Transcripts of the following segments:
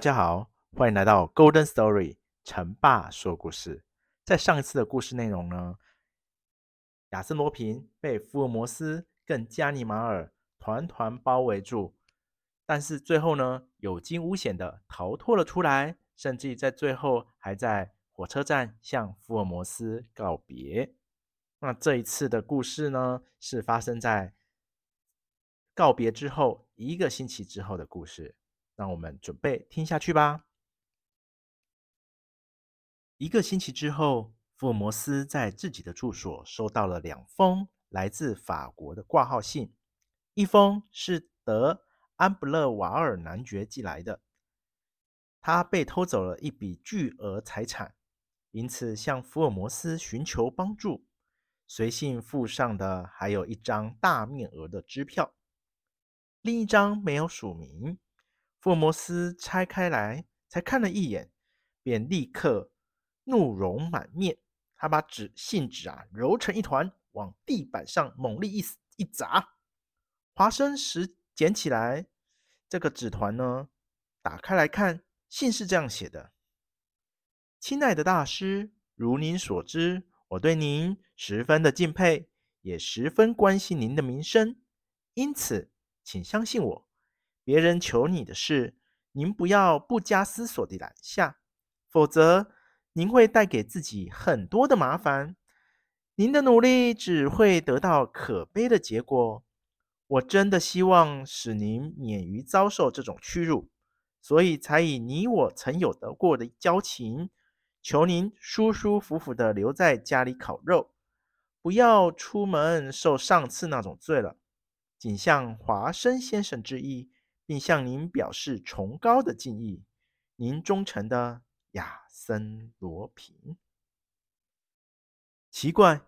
大家好，歡迎來到《Golden Story》陳爸說故事。在上一次的故事內容呢，亞森羅蘋被福爾摩斯跟加尼馬爾團團包圍，圍，圍住，但是最後呢，有驚無險的逃脫了出來，甚至在最後還在火車站向福爾摩斯告別。那這一次的故事呢，是發生在告別之後一個星期之後的故事。讓我們準備聽下去吧。一個星期之後，福爾摩斯在自己的住所收到了兩封來自法國的掛號信，一封是德安布勒瓦爾男爵寄來的，他被偷走了一筆巨額財產，因此向福爾摩斯尋求幫助。隨信附上的還有一張大面額的支票，另一張沒有署名。福摩斯拆開來，才看了一眼，便立刻怒容滿面。他把紙信紙啊揉成一團，往地板上猛力一一砸。華生拾撿起來這個紙團呢，打開來看，信是這樣寫的：“親愛的大師，如您所知，我對您十分的敬佩，也十分關心您的名聲，因此，請相信我。”別人求你的事，您不要不假思索地攔下，否則您會帶給自己很多的麻煩。您的努力只會得到可悲的結果。我真的希望使您免於遭受這種屈辱，所以才以你我曾有得過的交情，求您舒舒服服地留在家裡烤肉，不要出門受上次那種罪了。謹向華生先生致意。並向您表示崇高的敬意，您忠誠的亞森·羅蘋。奇怪，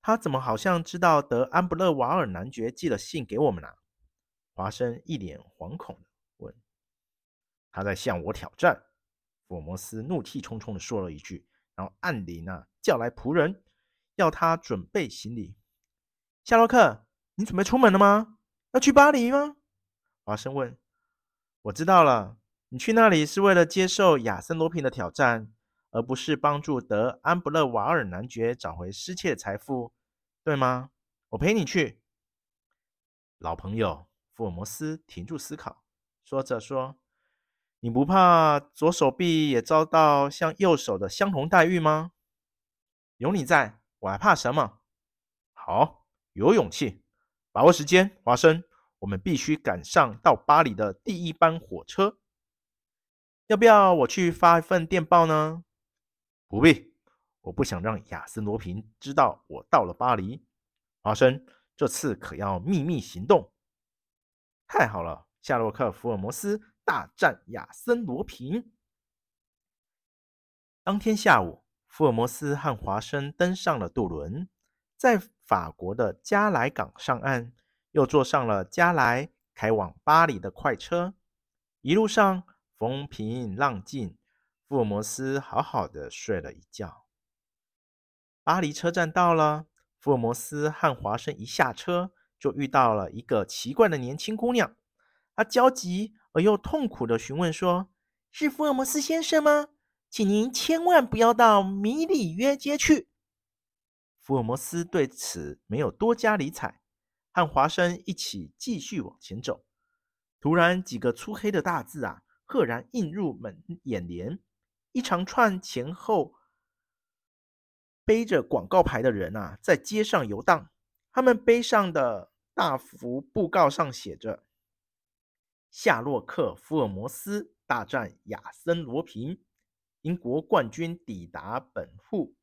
他怎麼好像知道德安布勒瓦爾男爵寄了信給我們呢，啊？華生一臉惶恐的問：“他在向我挑戰。”福爾摩斯怒氣冲冲的說了一句，然後按鈴呢叫來僕人，要他準備行李。夏洛克，你準備出門了嗎？要去巴黎嗎？華生問：“我知道了，你去那裡是為了接受亞森·羅蘋的挑戰，而不是幫助德安布勒瓦爾男爵找回失竊的財富，對嗎？我陪你去。”老朋友福爾摩斯停住思考，說着說：“你不怕左手臂也遭到像右手的相同待遇嗎？有你在，我還怕什麼？好，有勇氣，把握時間，華生。”我們必須趕上到巴黎的第一班火車。要不要我去發一份電報呢？不必，我不想讓亞森·羅平知道我到了巴黎。華生，這次可要秘密行動。太好了，夏洛克·福爾摩斯大戰亞森·羅平。當天下午，福爾摩斯和華生登上了渡輪，在法國的加萊港上岸。又坐上了加來開往巴黎的快車，一路上風平浪靜，福爾摩斯好好的睡了一覺。巴黎車站到了，福爾摩斯和華生一下車就遇到了一個奇怪的年輕姑娘，她焦急而又痛苦的詢問說：“是福爾摩斯先生嗎？請您千萬不要到米里約街去。”福爾摩斯對此沒有多加理睬。和華生一起繼續往前走，突然幾個粗黑的大字啊，赫然映入我們眼簾。一長串前後背着廣告牌的人啊，在街上遊蕩。他們背上的大幅布告上寫着：“夏洛克·福爾摩斯大戰亞森·羅蘋，英國冠軍抵達本埠，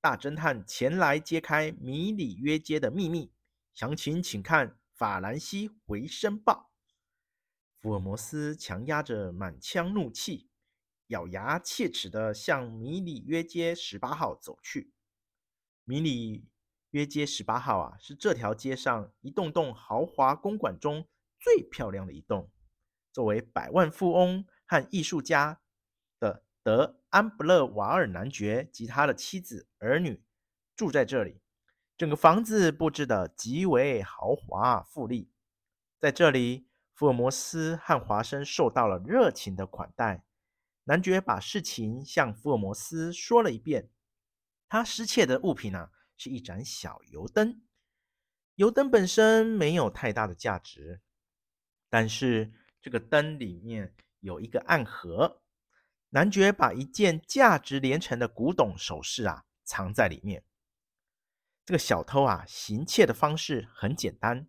大偵探前來揭開迷里約街的秘密。”詳情請看法蘭西回聲報。福爾摩斯強壓着滿腔怒氣，咬牙切齒地向米里約街十八號走去。米里約街十八號啊，是這條街上一棟棟豪華公館中最漂亮的一棟。作為百萬富翁和藝術家的德安布勒瓦爾男爵及他的妻子兒女住在這裡。整個房子布置得極為豪華富麗，在這裡，福爾摩斯和華生受到了熱情的款待。男爵把事情向福爾摩斯說了一遍。他失竊的物品呢、啊，是一盞小油燈。油燈本身沒有太大的價值，但是這個燈裡面有一個暗盒，男爵把一件價值連城的古董首飾啊藏在裡面。這個小偷啊，行竊的方式很簡單：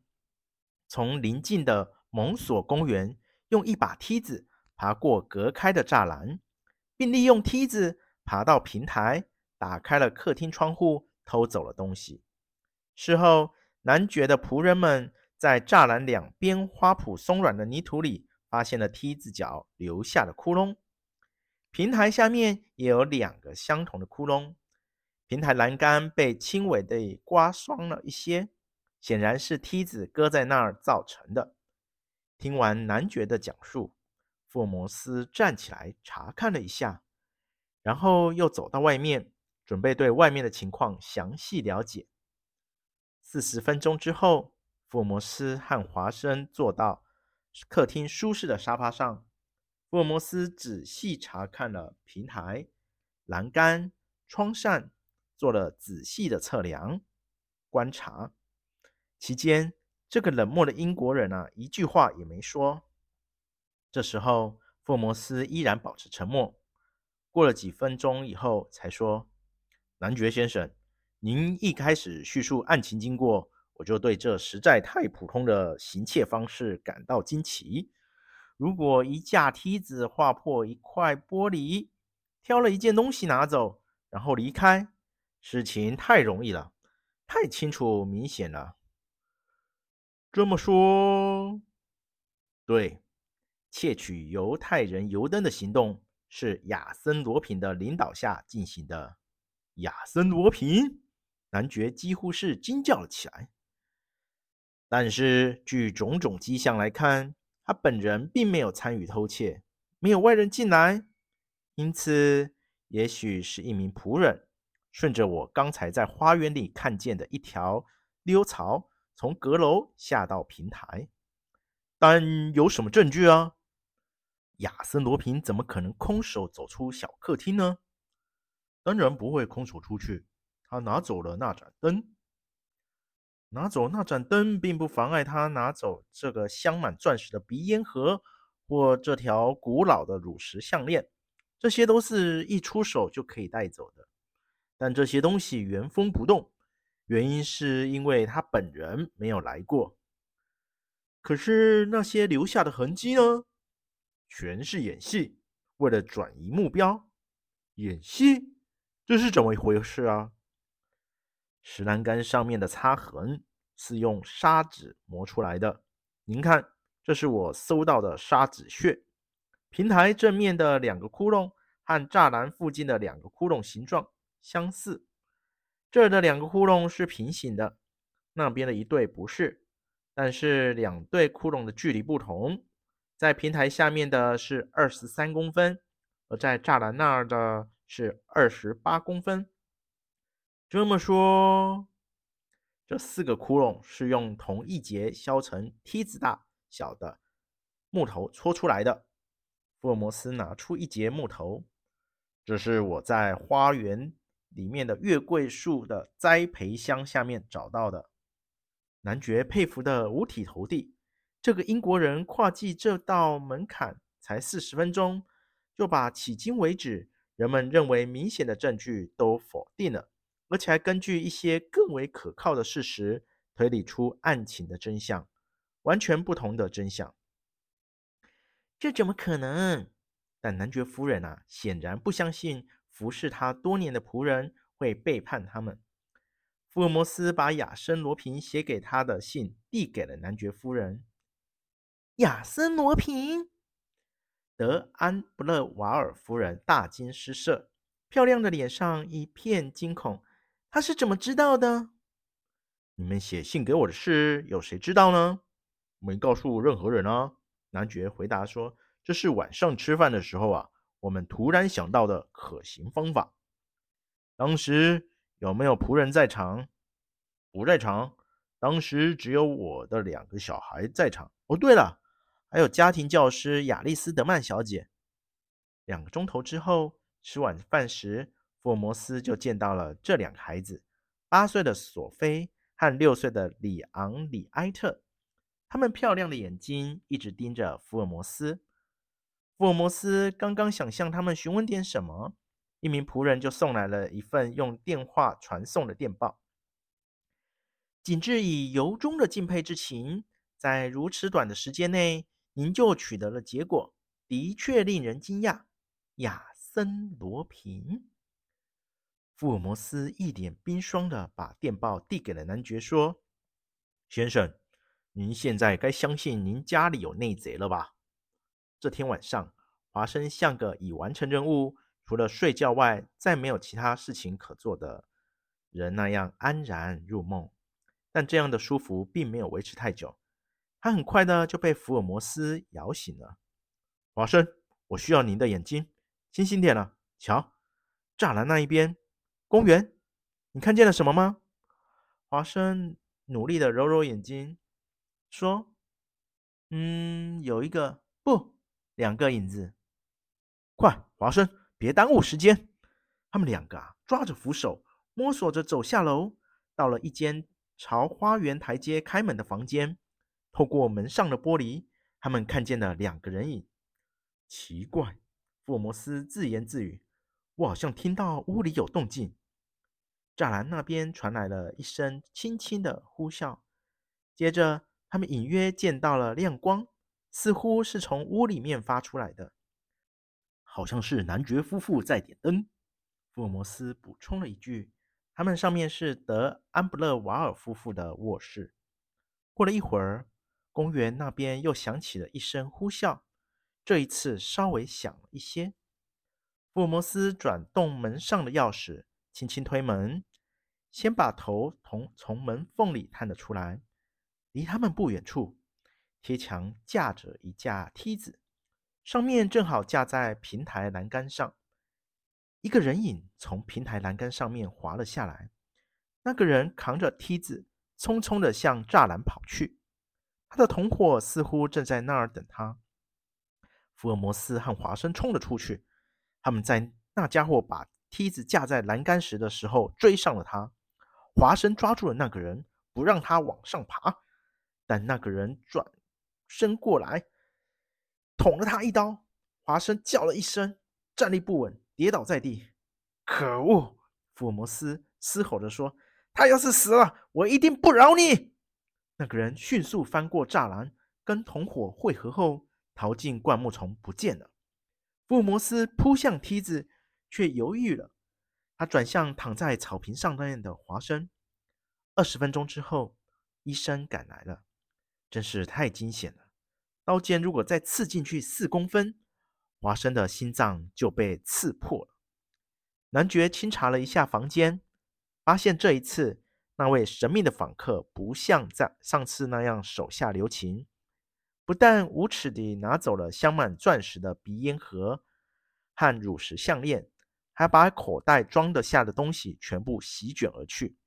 從鄰近的蒙索公園，用一把梯子爬過隔開的柵欄，並利用梯子爬到平台，打開了客廳窗戶，偷走了東西。事後，男爵的僕人們在柵欄兩邊花圃鬆軟的泥土裡，發現了梯子腳留下的窟窿，平台下面也有兩個相同的窟窿。平台欄杆被輕微的刮傷了一些，顯然是梯子擱在那兒造成的。聽完男爵的講述，福爾摩斯站起來查看了一下，然後又走到外面，準備對外面的情況詳細了解。四十分鐘之後，福爾摩斯和華生坐到客廳舒適的沙發上，福爾摩斯仔細查看了平台、欄杆、窗扇。做了仔細的測量、觀察。期間，這個冷漠的英國人啊一句話也沒說。這時候，福爾摩斯依然保持沉默。過了幾分鐘以後，才說：“男爵先生，您一開始敘述案情經過，我就對這實在太普通的行竊方式感到驚奇。如果一架梯子劃破一塊玻璃，挑了一件東西拿走，然後離開。”事情太容易了，太清楚明顯了。這麼說，對，竊取猶太人油燈的行動是亞森·羅蘋的領導下進行的。亞森·羅蘋！男爵幾乎是驚叫了起來。但是，據種種跡象來看，他本人並沒有參與偷竊，沒有外人進來，因此，也許是一名僕人，順着我剛才在花園裡看見的一條溜槽，從閣樓下到平台。但有什麼證據啊？亞森·羅蘋怎麼可能空手走出小客廳呢？當然不會空手出去。他拿走了那盞燈。拿走那盞燈，並不妨礙他拿走這個鑲滿鑽石的鼻煙盒，或這條古老的乳石項鏈。這些都是一出手就可以帶走的。但這些東西原封不動，原因是因為他本人沒有來過。可是那些留下的痕跡呢？全是演戲，為了轉移目標。演戲？這是怎麼一回事啊？石欄杆上面的擦痕是用砂紙磨出來的。您看，這是我搜到的砂紙屑。平台正面的兩個窟窿和柵欄附近的兩個窟窿形狀。相似，這兒的兩個窟窿是平行的，那邊的一對不是，但是兩對窟窿的距離不同，在平台下面的是二十三公分，而在柵欄那兒的是二十八公分。這麼說，這四個窟窿是用同一節削成梯子大小的木頭戳出來的。福爾摩斯拿出一節木頭，這是我在花園。裡面的月桂樹的栽培箱下面找到的，男爵佩服得五體投地。這個英國人跨進這道門檻才四十分鐘，就把迄今為止人們認為明顯的證據都否定了，而且還根據一些更為可靠的事實推理出案情的真相，完全不同的真相。這怎麼可能？但男爵夫人啊，顯然不相信，服侍他多年的僕人會背叛他們。福爾摩斯把亞森·羅平寫給他的信遞給了男爵夫人。亞森·羅平，德安布勒瓦爾夫人大驚失色，漂亮的臉上一片驚恐。他是怎麼知道的？你們寫信給我的事，有誰知道呢？我沒告訴任何人呢、啊。男爵回答說：“這是晚上吃飯的時候啊。”我們突然想到的可行方法。當時有沒有僕人在場？不在場。當時只有我的兩個小孩在場。哦，對了，還有家庭教師雅麗斯德曼小姐。兩個鐘頭之後，吃晚飯時，福爾摩斯就見到了這兩個孩子：八歲的索菲和六歲的里昂里埃特。他們漂亮的眼睛一直盯着福爾摩斯。福爾摩斯剛剛想向他們詢問點什麼，一名僕人就送來了一份用電話傳送的電報。謹致以由衷的敬佩之情，在如此短的時間內，您就取得了結果，的確令人驚訝。亞森·羅平。福爾摩斯一臉冰霜的把電報遞給了男爵，說：“先生，您現在該相信您家裡有內賊了吧？”這天晚上，華生像個已完成任務、除了睡覺外再沒有其他事情可做的人那樣安然入夢。但這樣的舒服並沒有維持太久，他很快的就被福爾摩斯搖醒了。華生，我需要您的眼睛，清醒點了。瞧，柵欄那一邊，公園，你看見了什麼嗎？華生努力的揉揉眼睛，說：“嗯，有一個，不。”兩個影子，快，華生，別耽誤時間！他們兩個啊，抓着扶手，摸索着走下樓，到了一間朝花園台階開門的房間。透過門上的玻璃，他們看見了兩個人影。奇怪，福爾摩斯自言自語：“我好像聽到屋裡有動靜。”柵欄那邊傳來了一聲輕輕的呼嘯，接着他們隱約見到了亮光。似乎是從屋裡面發出來的，好像是男爵夫婦在點燈。福爾摩斯補充了一句：“他們上面是德安布勒瓦爾夫婦的臥室。”過了一會兒，公園那邊又響起了一聲呼嘯，這一次稍微響了一些。福爾摩斯轉動門上的鑰匙，輕輕推門，先把頭從從門縫裡探了出來，離他們不遠處，貼牆架着一架梯子，上面正好架在平台欄杆上。一個人影從平台欄杆上面滑了下來。那個人扛着梯子，匆匆地向柵欄跑去。他的同夥似乎正在那兒等他。福爾摩斯和華生衝了出去。他們在那家伙把梯子架在欄杆時的時候追上了他。華生抓住了那個人，不讓他往上爬。但那個人轉，伸過來，捅了他一刀。華生叫了一聲，站立不穩，跌倒在地。可惡！福爾摩斯嘶吼着說：“他要是死了，我一定不饒你！”那個人迅速翻過柵欄，跟同夥匯合後，逃進灌木叢不見了。福爾摩斯撲向梯子，卻猶豫了。他轉向躺在草坪上那那的華生。二十分鐘之後，醫生趕來了。真是太驚險了！刀尖如果再刺進去四公分，華生的心臟就被刺破了。男爵清查了一下房間，發現這一次那位神祕的訪客不像在上次那樣手下留情，不但無恥地拿走了鑲滿鑽石的鼻煙盒和乳石項鏈還把口袋裝得下的東西全部席捲而去。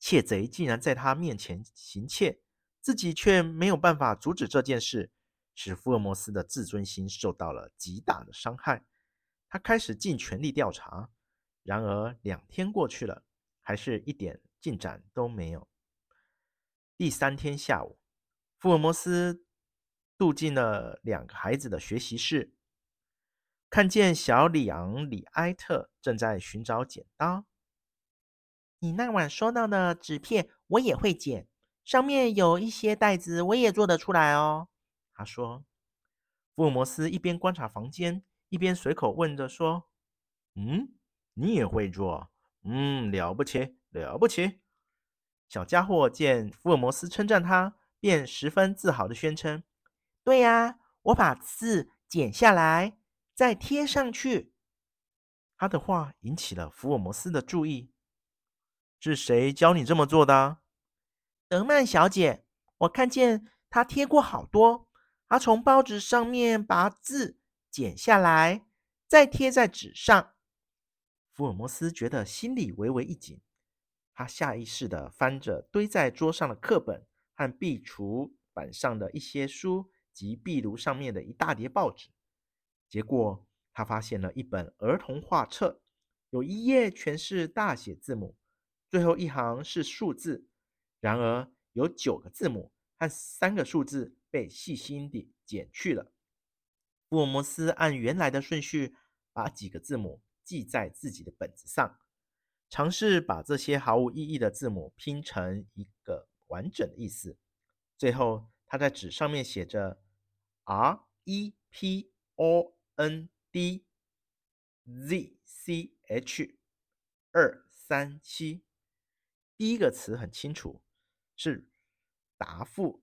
竊賊竟然在他面前行竊！自己卻沒有辦法阻止這件事，使福爾摩斯的自尊心受到了極大的傷害。他開始盡全力調查，然而兩天過去了，還是一點進展都沒有。第三天下午，福爾摩斯踱進了兩個孩子的學習室，看見小里昂·里埃特正在尋找剪刀。你那晚收到的紙片，我也會剪。上面有一些袋子，我也做得出來哦。”他說。福爾摩斯一邊觀察房間，一邊隨口問着說：“嗯，你也會做？嗯，了不起，了不起！”小家伙見福爾摩斯稱讚他，便十分自豪地宣稱：“對呀，我把字剪下來，再貼上去。”他的話引起了福爾摩斯的注意：“是誰教你這麼做的？”德曼小姐，我看見她貼過好多，她從報紙上面把字剪下來，再貼在紙上。福爾摩斯覺得心裡微微一緊，他下意識地翻着堆在桌上的課本和壁櫥板上的一些書及壁爐上面的一大疊報紙，結果他發現了一本兒童畫冊，有一頁全是大寫字母，最後一行是數字。然而，有九個字母和三個數字被細心地剪去了。福爾摩斯按原來的順序把幾個字母記在自己的本子上，嘗試把這些毫無意義的字母拼成一個完整的意思。最後，他在紙上面寫着 “R E P O N D Z C H 二三七”。第一個詞很清楚。是答覆，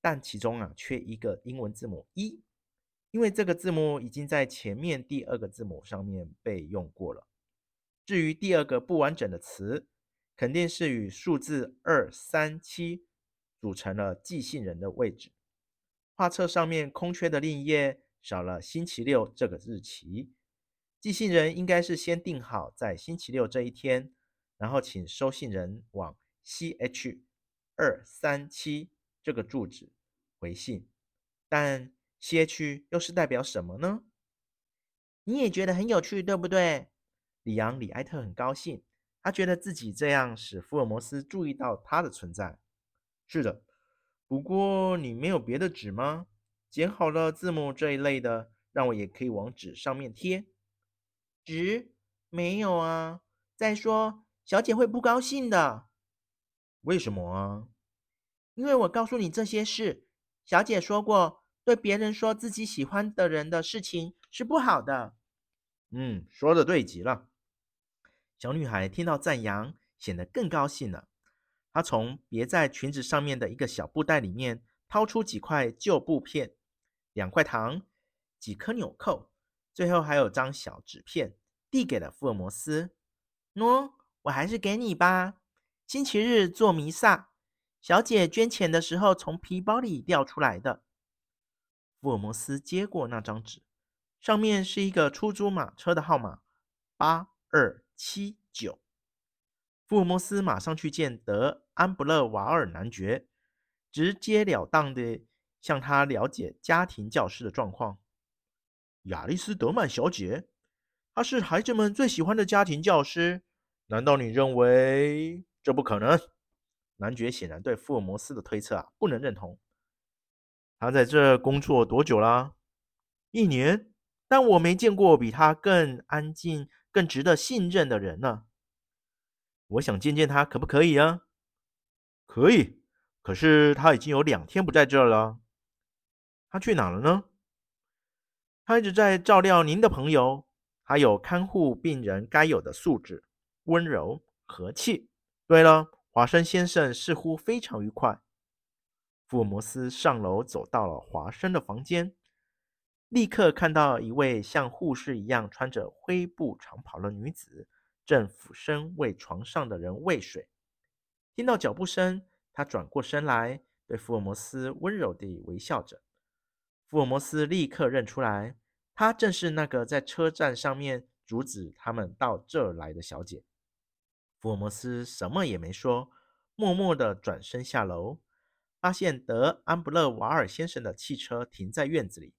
但其中啊缺一個英文字母 E，因為這個字母已經在前面第二個字母上面被用過了。至於第二個不完整的詞，肯定是與數字二三七組成了寄信人的位置。畫冊上面空缺的另一頁少了星期六這個日期，寄信人應該是先定好在星期六這一天，然後請收信人往 C H。二三七這個住址回信，但些區又是代表什麼呢？你也覺得很有趣，對不對？李陽、李艾特很高興，他覺得自己這樣使福爾摩斯注意到他的存在。是的，不過你沒有別的紙嗎？剪好了字母這一類的，讓我也可以往紙上面貼。紙？沒有啊。再說，小姐會不高興的。為什麼啊？因為我告訴你這些事，小姐說過，對別人說自己喜歡的人的事情是不好的。嗯，說得對極了。小女孩聽到讚揚，顯得更高興了。她從別在裙子上面的一個小布袋裡面掏出幾塊舊布片、兩塊糖、幾顆紐扣，最後還有張小紙片，遞給了福爾摩斯。喏，我還是給你吧。星期日做彌撒，小姐捐錢的時候，從皮包裡掉出來的。福爾摩斯接過那張紙，上面是一個出租馬車的號碼：八二七九。福爾摩斯馬上去見德安布勒瓦爾男爵，直截了當地向他了解家庭教師的狀況。雅麗斯德曼小姐，她是孩子們最喜歡的家庭教師。難道你認為這不可能？男爵顯然對福爾摩斯的推測啊不能認同。他在這工作多久了？一年。但我沒見過比他更安靜、更值得信任的人呢。我想見見他，可不可以啊？可以。可是他已經有兩天不在這了。他去哪了呢？他一直在照料您的朋友，還有看護病人該有的素質，溫柔和氣。對了。華生先生似乎非常愉快。福爾摩斯上樓，走到了華生的房間，立刻看到一位像護士一樣穿着灰布長袍的女子，正俯身為床上的人餵水。聽到腳步聲，她轉過身來，對福爾摩斯溫柔地微笑着。福爾摩斯立刻認出來，她正是那個在車站上面阻止他們到這兒來的小姐。福爾摩斯什麼也沒說，默默地轉身下樓，發現德安布勒瓦爾先生的汽車停在院子裡，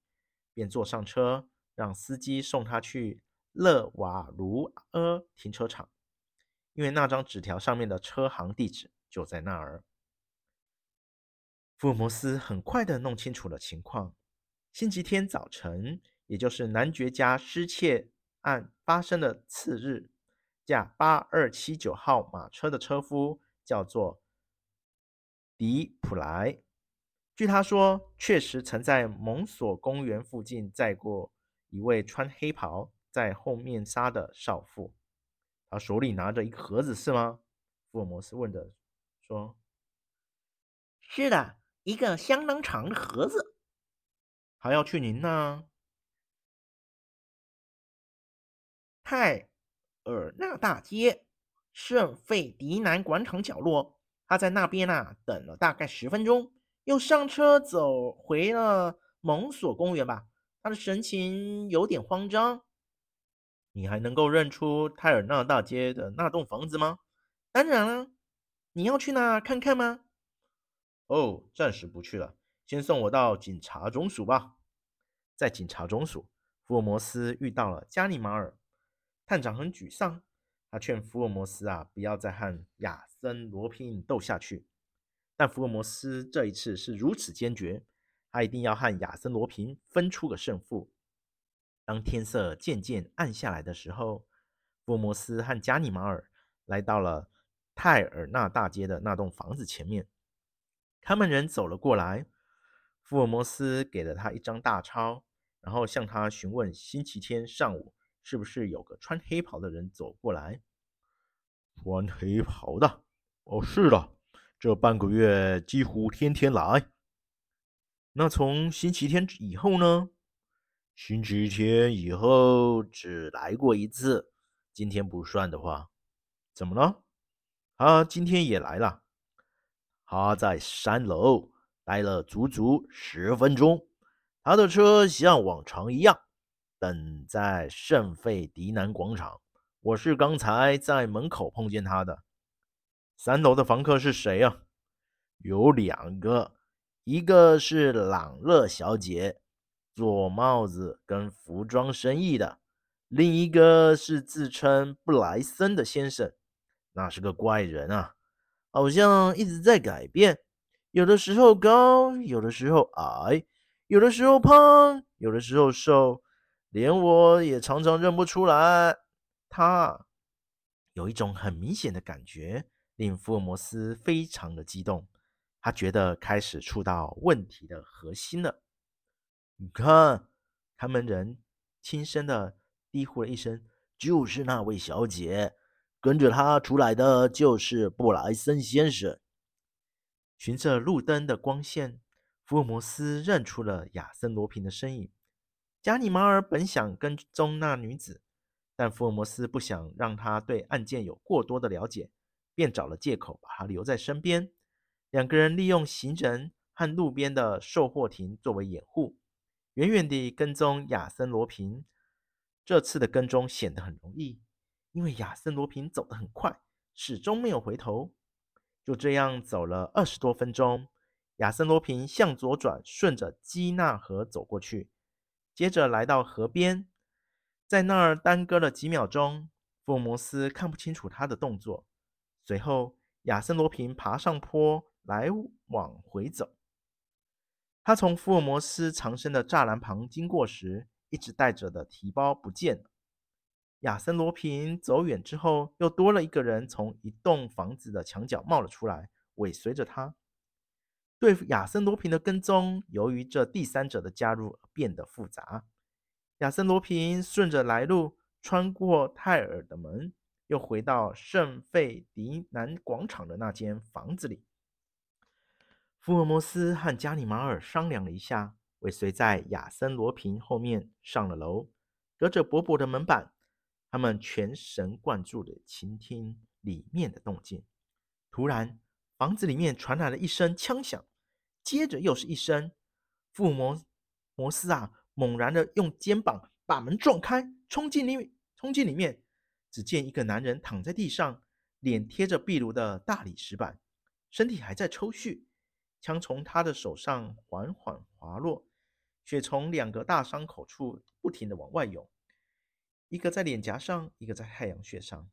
便坐上車，讓司機送他去勒瓦盧阿停車場，因為那張紙條上面的車行地址就在那兒。福爾摩斯很快地弄清楚了情況：星期天早晨，也就是男爵家失竊案發生的次日。駕八二七九號馬車的車夫叫做迪普萊。據他說，確實曾在蒙索公園附近載過一位穿黑袍、在後面紗的少婦。他手裡拿着一個盒子，是嗎？福爾摩斯問着，說是的，一個相當長的盒子。還要去您那？嗨。爾納大街、聖費迪南廣場角落，他在那邊呢、啊，等了大概十分鐘，又上車走回了蒙索公園吧。他的神情有點慌張。你還能夠認出泰爾納大街的那棟房子嗎？當然了、啊。你要去那看看嗎？哦，暫時不去了，先送我到警察中署吧。在警察中署，福爾摩斯遇到了加尼馬爾。探長很沮喪，他勸福爾摩斯啊，不要再和亞森·羅蘋鬥下去。但福爾摩斯這一次是如此堅決，他一定要和亞森·羅蘋分出個勝負。當天色漸漸暗下來的時候，福爾摩斯和加尼馬爾來到了泰爾納大街的那棟房子前面。看門人走了過來，福爾摩斯給了他一張大鈔，然後向他詢問星期天上午，是不是有個穿黑袍的人走過來？穿黑袍的，哦，是的，這半個月幾乎天天來。那從星期天以後呢？星期天以後只來過一次，今天不算的話，怎麼了？他今天也來了，他在三樓待了足足十分鐘，他的車像往常一樣。等在聖費迪南廣場，我是剛才在門口碰見他的。三樓的房客是誰啊？有兩個，一個是朗樂小姐，做帽子跟服裝生意的；另一個是自稱布萊森的先生，那是個怪人啊，好像一直在改變，有的時候高，有的時候矮，有的時候胖，有的時候瘦。連我也常常認不出來。他有一種很明顯的感覺，令福爾摩斯非常的激動。他覺得開始觸到問題的核心了。你看，看門人輕聲的低呼了一聲：“就是那位小姐。”跟着她出來的就是布萊森先生。循着路燈的光線，福爾摩斯認出了亞森·羅平的身影。加尼瑪爾本想跟蹤那女子，但福爾摩斯不想讓他對案件有過多的了解，便找了借口把她留在身邊。兩個人利用行人和路邊的售貨亭作為掩護，遠遠地跟蹤亞森羅蘋。這次的跟蹤顯得很容易，因為亞森羅蘋走得很快，始終沒有回頭。就這樣走了二十多分鐘，亞森羅蘋向左轉，順着基納河走過去。接着來到河邊，在那兒耽擱了幾秒鐘。福爾摩斯看不清楚他的動作。隨後，亞森羅平爬上坡來往回走。他從福爾摩斯藏身的柵欄旁經過時，一直帶着的提包不見了。亞森羅平走遠之後，又多了一個人從一棟房子的牆角冒了出來，尾隨着他。對付亞森·羅蘋的跟蹤，由於這第三者的加入而變得複雜。亞森·羅蘋順着來路，穿過泰爾的門，又回到聖費迪南廣場的那間房子裡。福爾摩斯和加里馬爾商量了一下，尾隨在亞森·羅蘋後面上了樓，隔着薄薄的門板，他們全神貫注的傾聽裡面的動靜。突然，房子裡面傳來了一聲槍響。接着又是一聲，福爾摩斯啊！猛然的用肩膀把門撞開，衝進裡，衝進裡面。只見一個男人躺在地上，臉貼着壁爐的大理石板，身體還在抽搐，槍從他的手上緩緩滑落，血從兩個大傷口處不停的往外湧，一個在臉頰上，一個在太陽穴上。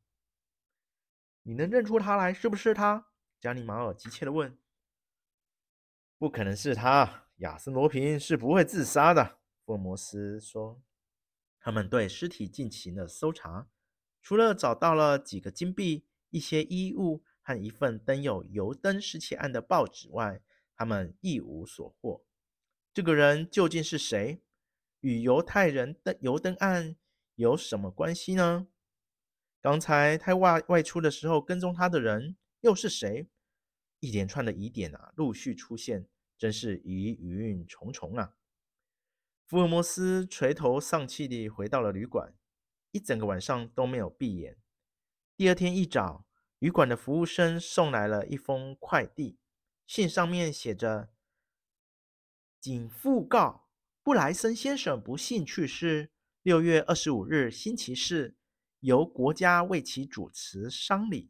你能認出他來？是不是他？加尼馬爾急切的問。不可能是他，亞森羅蘋是不會自殺的。福爾摩斯說：“他們對屍體進行了搜查，除了找到了幾個金幣、一些衣物和一份登有油燈失竊案的報紙外，他們一無所獲。這個人究竟是誰？與猶太人的油燈案有什麼關係呢？剛才他外外出的時候，跟蹤他的人又是誰？”一連串的疑點啊，陸續出現，真是疑雲重重啊！福爾摩斯垂頭喪氣地回到了旅館，一整個晚上都沒有閉眼。第二天一早，旅館的服務生送來了一封快遞，信上面寫着：“謹訃告，布萊森先生不幸去世，六月二十五日星期四，由國家為其主持喪禮，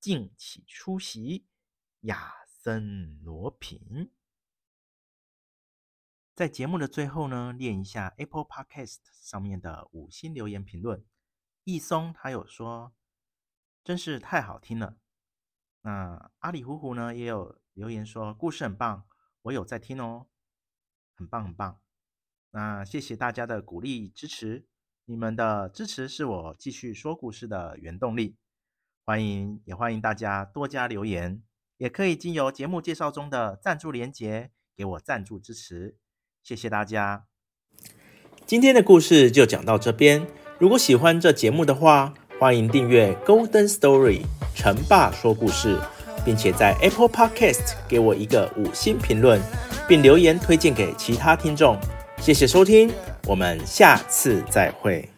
敬請出席。”亞森羅蘋，在節目的最後呢，練一下 Apple Podcast 上面的五星留言評論。易松他有說，真是太好聽了。那阿里虎虎呢也有留言說，故事很棒，我有在聽哦，很棒很棒。那謝謝大家的鼓勵支持，你們的支持是我繼續說故事的原動力。歡迎也歡迎大家多加留言。也可以經由節目介紹中的贊助連結給我贊助支持，謝謝大家。今天的故事就講到這邊。如果喜歡這節目的話，歡迎訂閱《Golden Story》成爸說故事，並且在 Apple Podcast 給我一個五星評論，並留言推薦給其他聽眾。謝謝收聽，我們下次再會。